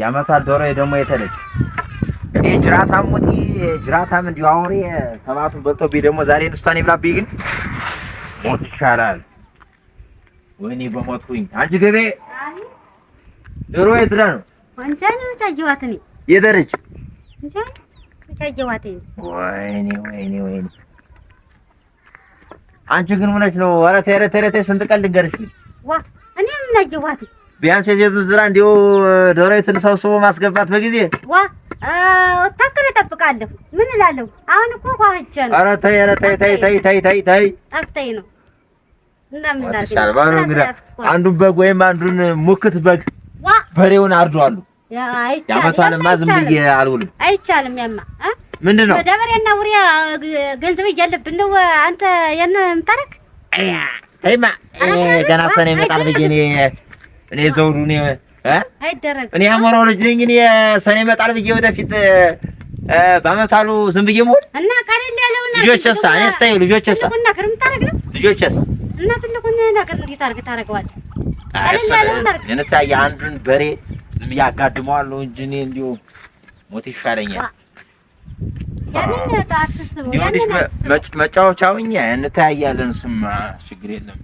የአመቷ ዶሮ ደግሞ የተለጭ ይሄ ጅራታም ሙት ጅራታም እንዲሁ አውሬ ተባቱን ቢ ደግሞ ዛሬ ንስቷን ይብላብ ግን ሞት ይሻላል። ወይኔ በሞትኩኝ። አንቺ ገቤ ዶሮ የት ነው? ወንጀል ብቻ እየዋት ነኝ። የደረች ብቻ እየዋት ነኝ። ወይኔ ወይኔ ወይኔ። አንቺ ግን ሆነች ነው። ኧረ ተረ ተረ ተይ ኧረ ስንት ቀን ልንገርሽ? ዋ እኔ ምን አየዋት ቢያንስ የሴቱን ስራ እንዲሁ ዶሮይቱን ሰብስቦ ማስገባት በጊዜ ዋ ታክል እጠብቃለሁ። ምን እላለሁ አሁን እኮ ኳህቸ ነው። ኧረ ተይ፣ ኧረ ተይ፣ ተይ፣ ተይ፣ ተይ፣ ተይ፣ ተይ ጠፍተኝ ነው። እንደምናልሻል እንግዲህ አንዱን በግ ወይም አንዱን ሙክት በግ በሬውን አርደዋሉ። የአመቷንማ ዝም ብዬ አልውልም፣ አይቻልም። ያማ ምንድን ነው ደበሬና ውሪያ ገንዘብ እያለብን ነው። አንተ ያን ምታረክ ተይማ ገና ሰኔ ይመጣል ብዬ እኔ እኔ ዘውዱ እኔ አይደረግ እኔ አሞራው ልጅ ነኝ። እኔ ሰኔ መጣል ብዬ ወደፊት በአመታሉ ዝም ብዬ መሆን እና ቀለል ያለው ልጆችስ እኔ ስታዩ ልጆችስ እና ከርም ታረግ ነው ልጆችስ እና ትልቁን ነገር እንዴት አድርግ ታረገዋለህ? ቀለል ያለው ታረግ አንዱን በሬ ዝም ብዬ እንጂ እኔ እንዲሁ ሞት ይሻለኛል። ያንን ታስስበው ያንን መጫወቻውኛ እንታያያለን። እሱማ ችግር የለም።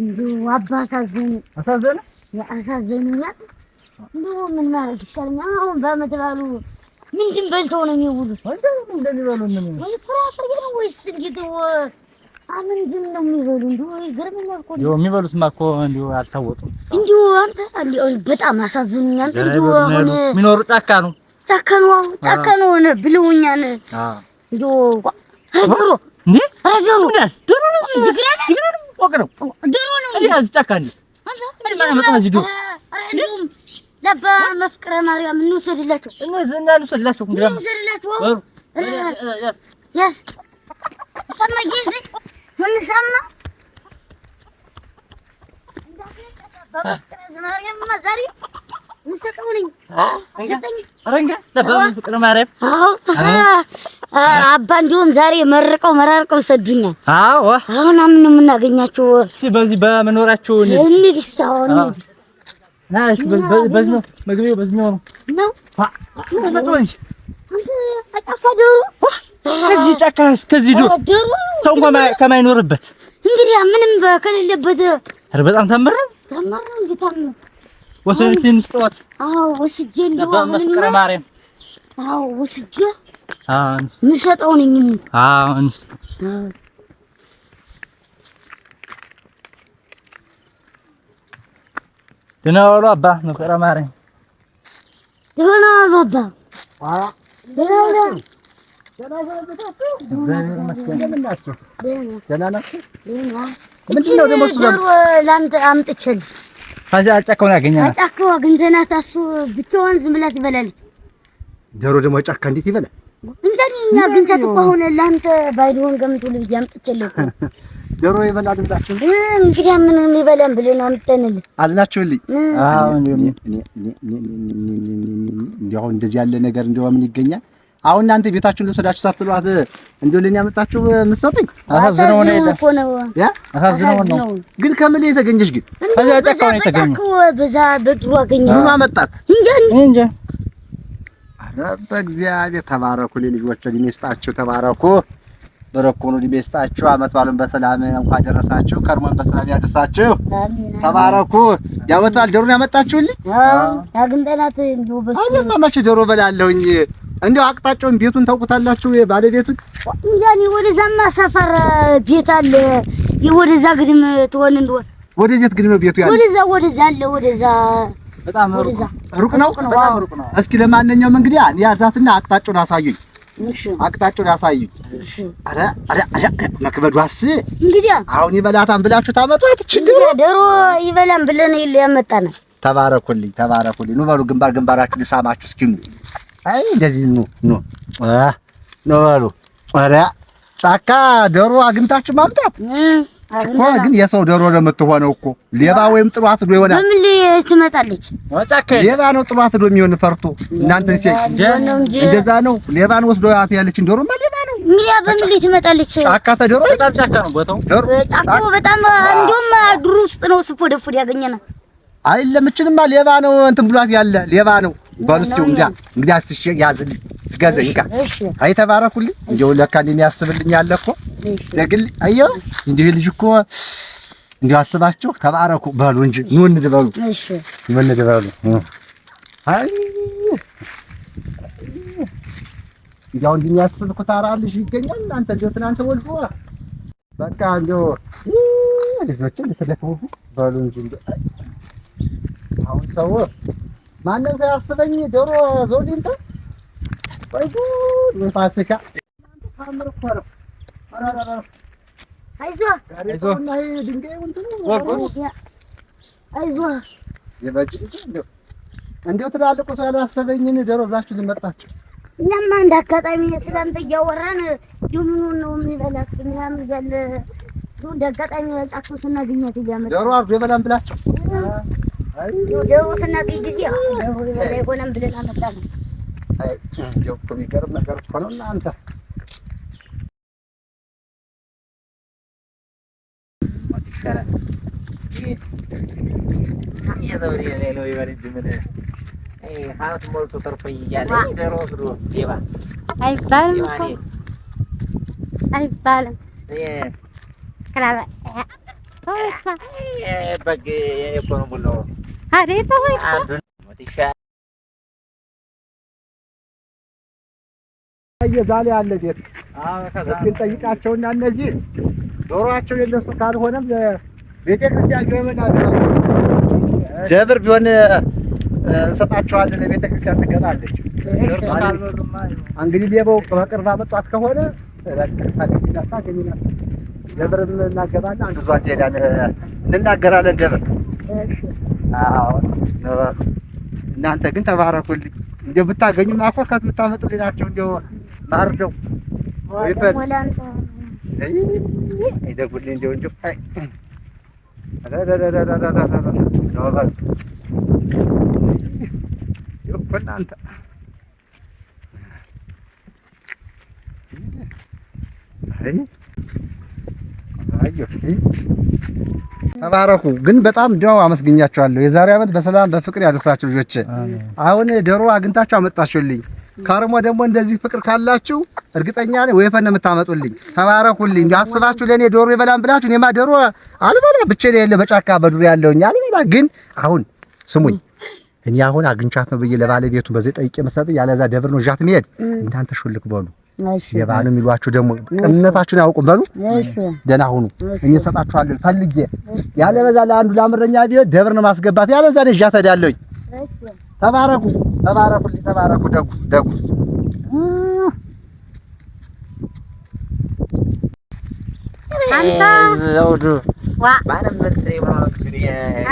እንዲሁ አባት አዘኑ አሳዘኑ አሳዘኑኛል። እንዲሁ ምን ማለት ይቻለኛል? አሁን በመድባሉ ምንድን በልተው ነው የሚውሉት? እንደሚበሉ ፍራፍሬ ነው ወይስ እንዴት? ምንድን ነው የሚበሉ? እንዲሁ ይገርመኛል እኮ የሚበሉትማ እኮ እንዲሁ አልታወጡም። እንዲሁ አንተ በጣም አሳዘኑኛል። እንዲሁ አሁን የሚኖሩ ጫካ ነው ጫካ ነው ጫካ ነው ብለውኛል። እንዲሁ ኧረ ዶሮ ኧረ ዶሮ መፍቅረ ማርያም እንውሰድላቸው እንውሰድላቸው እንውሰድላቸው ሰማ አባ እንዲሁም ዛሬ መርቀው መራርቀው ሰዱኛል አዎ አሁን ምን የምናገኛቸው እስኪ በዚህ በመኖራቸው እንሂድ። ከዚህ ጫካ እስከዚህ ዱር ሰው ከማይኖርበት እንግዲህ ምንም ከሌለበት በጣም ታምራል። ወስጅን ስጠዋት። አዎ ወስጄ እንደው አሁንማ ማርያም አዎ ወስጄ አዎ የምሰጠው ነኝ። አዎ እንስጥ ደህና ዋሉ አባ መፍቀረ ማርያም ደህና ዋሉ አባ። አዎ ደህና ዋሉ። እግዚአብሔር ይመስገን። ደህና ናቸው። ደህና ናቸው። ምንድን ነው ደግሞ እሱ ጋር አምጥቼልህ አጫካውን ያገኛል። አጫካው አግኝተናት እሱ ብቻዋን ዝም ብላ ትበላለች። ዶሮ ደግሞ ጫካ እንዴት ይበላል? እንጀኒ እኛ ግንቸት እኮ አሁን ለአንተ ባይዶን ገምጡ ልብዬ አምጥቼልህ ዶሮ ይበላል ብላችሁ እንግዲህ ምን ይበላል ብለን አምጥተንልህ አዝናችሁልኝ። አዎ እንዲሁ እንደዚህ ያለ ነገር እንደው ምን ይገኛል አሁን እናንተ ቤታችሁን ልሰዳችሁ ሳትሏት እንዴ ለኛ መጣችሁ የምትሰጡኝ? አሳዝነው ነው ያ አሳዝነው ነው። ግን ከምን የተገኘሽ ግን ከዛ ጫካ ነው የተገኘ በዛ በጥሩ አገኘ ምን አመጣት እንጂ እንጂ ኧረ በእግዚአብሔር ተባረኩ። ልጆች እድሜ ይስጣችሁ፣ ተባረኩ፣ በረኮኑ እድሜ ይስጣችሁ። አመት ባሉን በሰላም እንኳን ደረሳችሁ፣ ከርሞን በሰላም ያደርሳችሁ። ተባረኩ። ያመጣል ዶሮን ያመጣችሁልኝ አዎ አግንጠናት እንዲሁ በሱ አይደል ማማችሁ ዶሮ በላለሁኝ እንዲያው አቅጣጫውን ቤቱን ታውቁታላችሁ? የባለቤቱን እንጃኒ ወደዛማ ሰፈር ቤት አለ። ወደዛ ግድም ትሆን እንደሆነ ወደዚህ ግድም ቤቱ ያለ ወደዛ ወደዛ አለ ወደዛ በጣም ሩቅ ነው። በጣም ሩቅ ነው። እስኪ ለማንኛውም እንግዲህ ያዛትና አቅጣጫውን አሳዩኝ። እሺ አቅጣጫውን አሳዩኝ። እሺ አረ አረ አረ መክበዷስ እንግዲህ አሁን ይበላታን ብላችሁ ታመጧት ችግር ደሮ ይበላን ብለን ይል ያመጣና ተባረኩልኝ፣ ተባረኩልኝ። ኑ በሉ ግንባር ግንባራችሁ ልሳማችሁ እስኪ ኑ አይ እንደዚህ ኑ ኑ ነው በሉ። ወዲያ ጫካ ዶሮ አግኝታችሁ ማምጣት እኮ ግን የሰው ዶሮ ነው የምትሆነው እኮ። ሌባ ወይም ጥሏት ዶ ይሆናል። ምን ትመጣለች? ሌባ ነው ጥሏት ዶ የሚሆን ፈርቶ እናንተን ሲል እንደዛ ነው። ሌባን ወስዶ ያለችን ዶሮማ ሌባ ነው። እንግዲያ በምን ላይ ትመጣለች? ጫካ ተዶሮ በጣም ጫካ ነው ቦታው። ጫካው በጣም እንደውም ድሩ ውስጥ ነው ስፎ ደፎድ ያገኘናል። አይ ለምችንማ ሌባ ነው እንትን ብሏት ያለ ሌባ ነው በሉ እስኪ እንግዲህ እንግዲህ አስሽ ያዝል ትገዘኝ ቃ አይ ተባረኩልኝ። እንደው ለካ የሚያስብልኝ አለ እኮ ደግል አየሁ እንዲህ ልጅ እኮ እንዲሁ አስባችሁ ተባረኩ በሉ እንጂ ኑ እንድበሉ ኑ እንድበሉ። አይ እንዲያው እንደሚያስብ ኩታራ ልጅ ይገኛል። እናንተ እንደው ትናንተ ወልፎ በቃ እንደው ልጆችን ልትደክሙብኝ በሉ እንጂ አሁን ሰው ማንም ሳያስበኝ ዶሮ ዞዲንታ ወይ ፋሲካ ታምር ትላልቁ ሰው ያላሰበኝን ዶሮ እዛችሁ ልመጣችሁ። እኛማ እንደ አጋጣሚ ስለምት እያወራን ጅምኑን ነው የሚበላስ ምናምን ገል እንደ አጋጣሚ ያልጣችሁ ስናገኛት እያመጣ ዶሮ አርዶ ይበላል ብላችሁ Yo, yo, yo, yo, yo, yo, yo, yo, yo, yo, yo, yo, a yo, yo, la yo, A ver, yo, voy a yo, yo, yo, yo, yo, yo, yo, voy a yo, yo, yo, yo, yo, yo, yo, voy a yo, yo, yo, yo, yo, yo, yo, voy a yo, yo, yo, yo, yo, yo, voy a yo, అరే ዛሬ አለ ቤት እስኪን ጠይቃቸውና እነዚህ ዶሮቸው የነሱ ካልሆነም ቤተክርስቲያን ገበናል ደብር ቢሆን እንሰጣቸዋለን። ለቤተክርስቲያን ትገባለች። እንግዲህ ሌባው በቅርብ አመጧት ከሆነ ደብርም እናገባለን። አንድ ዟ እንሄዳለን፣ እንናገራለን ደብር እናንተ ግን ተባረኩልኝ። እንደው ብታገኙ ማፎከት ብታመጡ ሌላቸው እንደው ማርደው ይፈል አይደጉልኝ እንደው እንደው አይ እናንተ አይ ተባረኩ። ግን በጣም እንዲያው አመስግኛቸዋለሁ። የዛሬ ዓመት በሰላም በፍቅር ያደርሳችሁ ልጆች። አሁን ደሮ አግኝታችሁ አመጣችሁልኝ። ከርሞ ደግሞ እንደዚህ ፍቅር ካላችሁ እርግጠኛ ነኝ ወይፈን ነው የምታመጡልኝ። ተባረኩልኝ። አስባችሁ ለእኔ ዶሮ ይበላም ብላችሁ እኔማ ዶሮ አልበላ ብቻዬን የለ በጫካ በዱር ያለውኝ አልበላ። ግን አሁን ስሙኝ እኔ አሁን አግኝቻት ነው ብዬ ለባለቤቱ በዚህ ጠይቄ መሰጠኝ ያለዛ ደብር ነው እዣት መሄድ እናንተ ሹልክ በሉ የባኑ የሚሏችሁ ደግሞ ቅንነታችሁን ያውቁ በሉ ደህና ሁኑ። እኔ እሰጣችኋለሁ ፈልጌ ያለ በዛ ለአንዱ ላምረኛ ቢሆን ደብር ነው ማስገባት ያለ ነው እዣ ተዳለኝ። ተባረኩ፣ ተባረኩ፣ ተባረኩ። ደጉ ደጉ ዘውዱ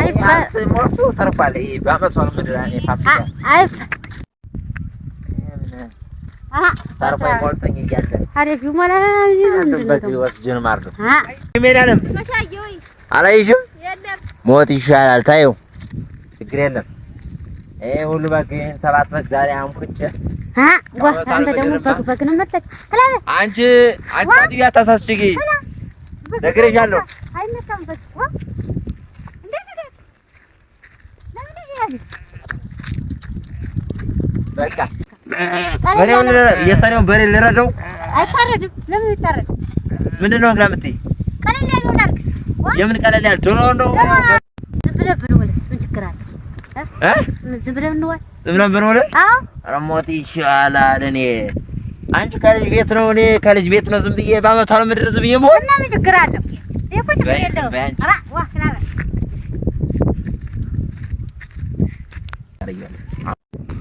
አይባልም። ሞቱ ተርፏል። በአመቷ ምድር ፋሲካ አላይሽም ሞት ይሻላል። ታየው ችግር የለም። ይሄ ሁሉ በግ ተባትበት ዛሬ አምኩቼ አንተ ደግሞ በግ በግ ነው መጣች። አንቺ አንቺ አጥቢያ ታሳስችጊ ነግሬሻለሁ። በቃ በሬውን የሰኔውን በሬ ልረዳው። አይታረድም። ለምን ይታረድ? ምንድን ነው እንግዳ የምትይ? ቀለል ያለው ላድርግ። የምን ቀለል ያለው ዶሮ ነው? ዝም ብለን ብንውልስ ምን ችግር አለ? ዝም ብለን ብንውል ዝም ብለን ብንውል? አዎ፣ ኧረ ሞት ይሻላል። እኔ አንቺ ከልጅ ቤት ነው፣ እኔ ከልጅ ቤት ነው። ዝም ብዬ ነው ምድር ዝም ብዬ መሆን እና ምን ችግር ይሄ እኮ ችግር የለውም።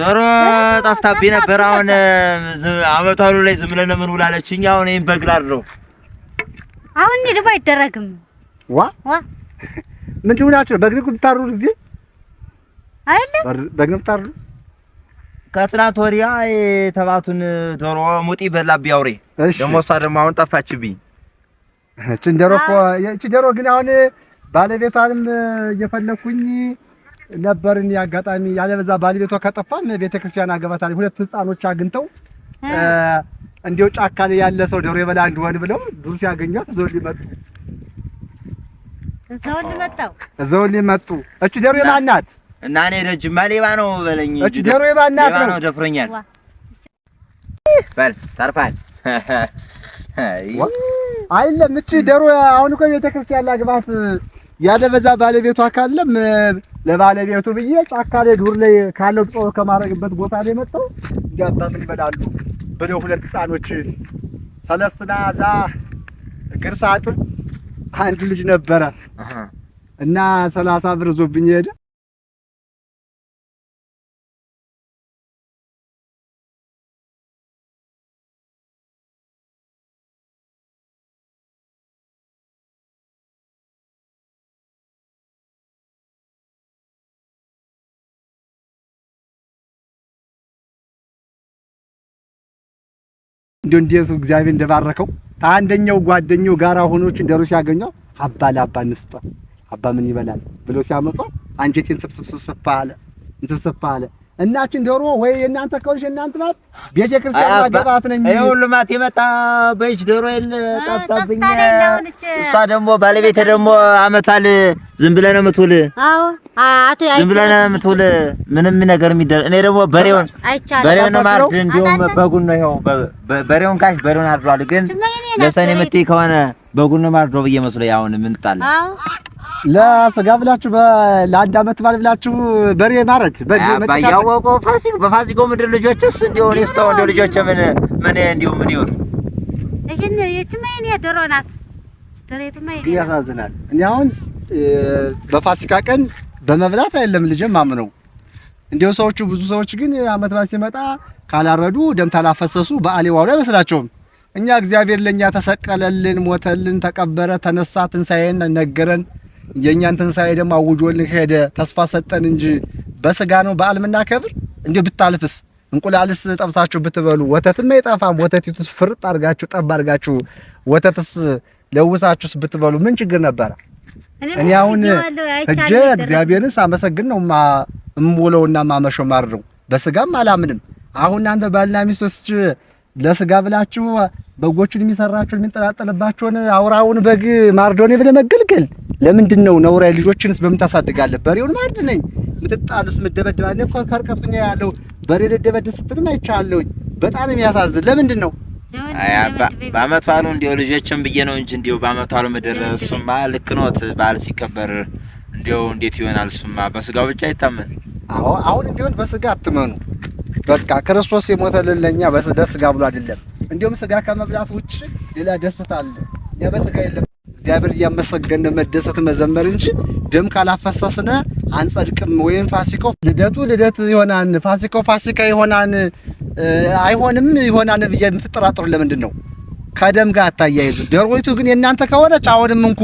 ዶሮ ጠፍታብኝ ነበር። አሁን አመቷሉ ላይ ዝም ብለን ለምን ውላለችኝ? አሁን ይሄን በግ ላድርገው። አሁን እንሂድ። አይደረግም። ዋ ዋ ምንድን ሆናችሁ? በግ ነው የምታርዱ ጊዜ አይደለም። በግ ነው የምታርዱ። ከትናንት ወዲያ የተባቱን ዶሮ ሙጢ በላብኝ አውሬ። ደግሞ እሷ ደግሞ አሁን ጠፋችብኝ። እቺ ዶሮ እኮ እቺ ዶሮ ግን አሁን ባለቤቷንም እየፈለኩኝ ነበርን። አጋጣሚ ያለበዛ ባለቤቷ ከጠፋን ቤተክርስቲያን አገባታል። ሁለት ህፃኖች አግኝተው እንዲው ጫካ ላይ ያለ ሰው ዶሮ የበላ እንደሆን ብለው ዱር ሲያገኟት እዛው ሊመጡ እዛው ሊመጡ እቺ ዶሮ የማናት? እና እኔ ደጅማ ሌባ ነው በለኝ። እቺ ዶሮ የማናት ነው ደፍሮኛል። በል ሰርፋል አይለም እቺ ዶሮ አሁን እኮ ቤተክርስቲያን ላግባት ያለበዛ ባለቤቷ ካለም ለባለቤቱ ብዬ ጫካ ላይ ዱር ላይ ካለው ጾ ከማድረግበት ቦታ ላይ መጣው እንዲያባ ምን ይበላሉ ብለው ሁለት ህፃኖች ሰለስትና ዛ ግርሳጥ አንድ ልጅ ነበረ እና ሰላሳ ብር ዞብኝ ሄደ። እንዲሁ እንዴቱ እግዚአብሔር እንደባረከው ከአንደኛው ጓደኛው ጋራ ሆኖች ደሩ ሲያገኘው አባ ለአባ ንስጠ አባ ምን ይበላል ብሎ ሲያመጣ አንጀቴን ስብስብስብስብ አለ እንስብስብ አለ እናችን ዶሮ ወይ የእናንተ ከሆነሽ እናንተ ናት። ቤተ ክርስቲያን ማገባት ነኝ። ይሄ ሁሉ ማት የመጣ በእጅ ዶሮ ይል ጠፍታብኝ። እሷ ደግሞ ባለቤት ደግሞ አመቷል። ዝም ብለህ ነው የምትውል። አዎ አት አይ ዝም ብለህ ነው የምትውል። ምንም ነገር የሚደር እኔ ደግሞ በሬውን በሬውን ነው ማርድ፣ እንዲሁም በጉን ነው ይሄው በሬውን ካሽ በሬውን አርዷል። ግን ለሰኔ የምትይ ከሆነ በጉን ነው ማርዶ ብዬ መስሎኝ አሁን ምን ጣል ለስጋ ብላችሁ ለአንድ አመት ባል ብላችሁ በሬ ማረድ ያወቀው ፋሲጎ በፋሲጎ ምድር ልጆችስ እንዲሁ እኔ እስካሁን እንዲሁ ልጆች ምን ምን እንዲሁ ምን ይሆን ይሄን ይችማ የእኔ ዶሮ ናት። ዶሮቱማ የእኔ ያሳዝናል። እኔ አሁን በፋሲካ ቀን በመብላት አይደለም ልጅም ማምነው እንዲሁ ሰዎቹ ብዙ ሰዎች ግን አመት ባል ሲመጣ ካላረዱ ደም ታላፈሰሱ በዓል ዋሉ አይመስላቸውም። እኛ እግዚአብሔር ለእኛ ተሰቀለልን፣ ሞተልን፣ ተቀበረ፣ ተነሳ፣ ትንሣኤን ነገረን የእኛን ትንሣኤ ደግሞ አውጆልን ሄደ። ተስፋ ሰጠን እንጂ በስጋ ነው በዓል የምናከብር። እንዲሁ ብታልፍስ እንቁላልስ ጠብሳችሁ ብትበሉ ወተትም አይጠፋም። ወተቱስ ፍርጥ አድርጋችሁ ጠብ አድርጋችሁ ወተትስ ለውሳችሁስ ብትበሉ ምን ችግር ነበረ? እኔ አሁን እጄ እግዚአብሔርን ሳመሰግን ነው የምውለውና የማመሸው ማር ነው። በስጋም አላምንም። አሁን እናንተ ባልና ሚስቶች ለስጋ ብላችሁ በጎቹን የሚሰራችሁን የሚንጠላጠልባችሁን አውራውን በግ ማርዶኔ ብለህ መገልገል ለምንድን ነው ነውራ ልጆችንስ በምን ታሳድጋለህ? በሬውን ማድ ነኝ ምትጣልስ ምደበድብ አለ እኮ ከርቀት ያለው በሬ ልደበድ ስትልም አይቻለሁኝ። በጣም የሚያሳዝን ለምንድን ነው? በአመቱ አሉ እንዲሁ ልጆችን ብዬ ነው እንጂ እንዲሁ በአመቱ አሉ ምድር እሱማ ልክ ኖት። በዓል ሲከበር እንዲሁ እንዴት ይሆናል? እሱማ በስጋው ብቻ አይታመን። አሁን እንዲሆን በስጋ አትመኑ በቃ ክርስቶስ የሞተልን ለእኛ በስጋ ብሎ አይደለም። እንዲሁም ስጋ ከመብላት ውጭ ሌላ ደስታ አለ፣ ያ በስጋ የለም። እግዚአብሔር እያመሰገነ መደሰት መዘመር እንጂ ደም ካላፈሰስነ አንጸድቅም። ወይም ፋሲካው ልደቱ ልደት ይሆናን፣ ፋሲካው ፋሲካ ይሆናን፣ አይሆንም ይሆናን ብዬ የምትጠራጥሩ ለምንድን ነው? ከደም ጋር አታያይዙ። ደሮይቱ ግን የእናንተ ከሆነች አሁንም እንኩ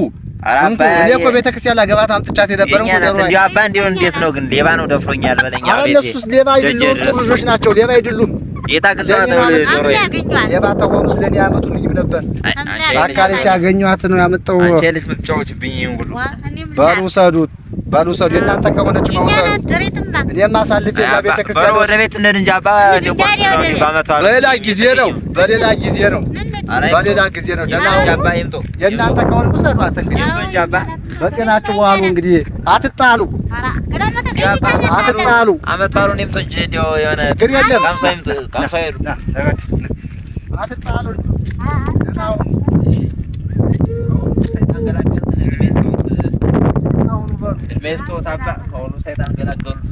እኔ እኮ ቤተክርስቲያን ላገባት አምጥቻት የነበረው አባ እንዲሁ እንዴት ነው ግን ሌባ ነው ደፍሮኛል በለኛ። አረ እነሱስ ሌባ አይደሉም፣ ጥሩ ልጆች ናቸው። ሌባ አይደሉም። ጌታ ሌባ ያመጡልኝ ነበር። ሲያገኘኋት ነው ያመጣው። ባልወሰዱ እናንተ ከሆነች መውሰዱ እኔም አሳልፌ ለቤተ ክርስቲያን ወደ ቤት እንሂድ እንጂ አባ በሌላ ጊዜ ነው፣ በሌላ ጊዜ ነው፣ በሌላ ጊዜ ነው። ደህና የእናንተ ከሆነ ውሰዷት። እንግዲህ በጤናችሁ ዋሉ። እንግዲህ አትጣሉ፣ አትጣሉ። አመት በዓሉን እንጂ እንደው የሆነ ግን የለም አትጣሉ። እድሜ ስጦት ከሆኑ ሰይጣን ገላገሉት።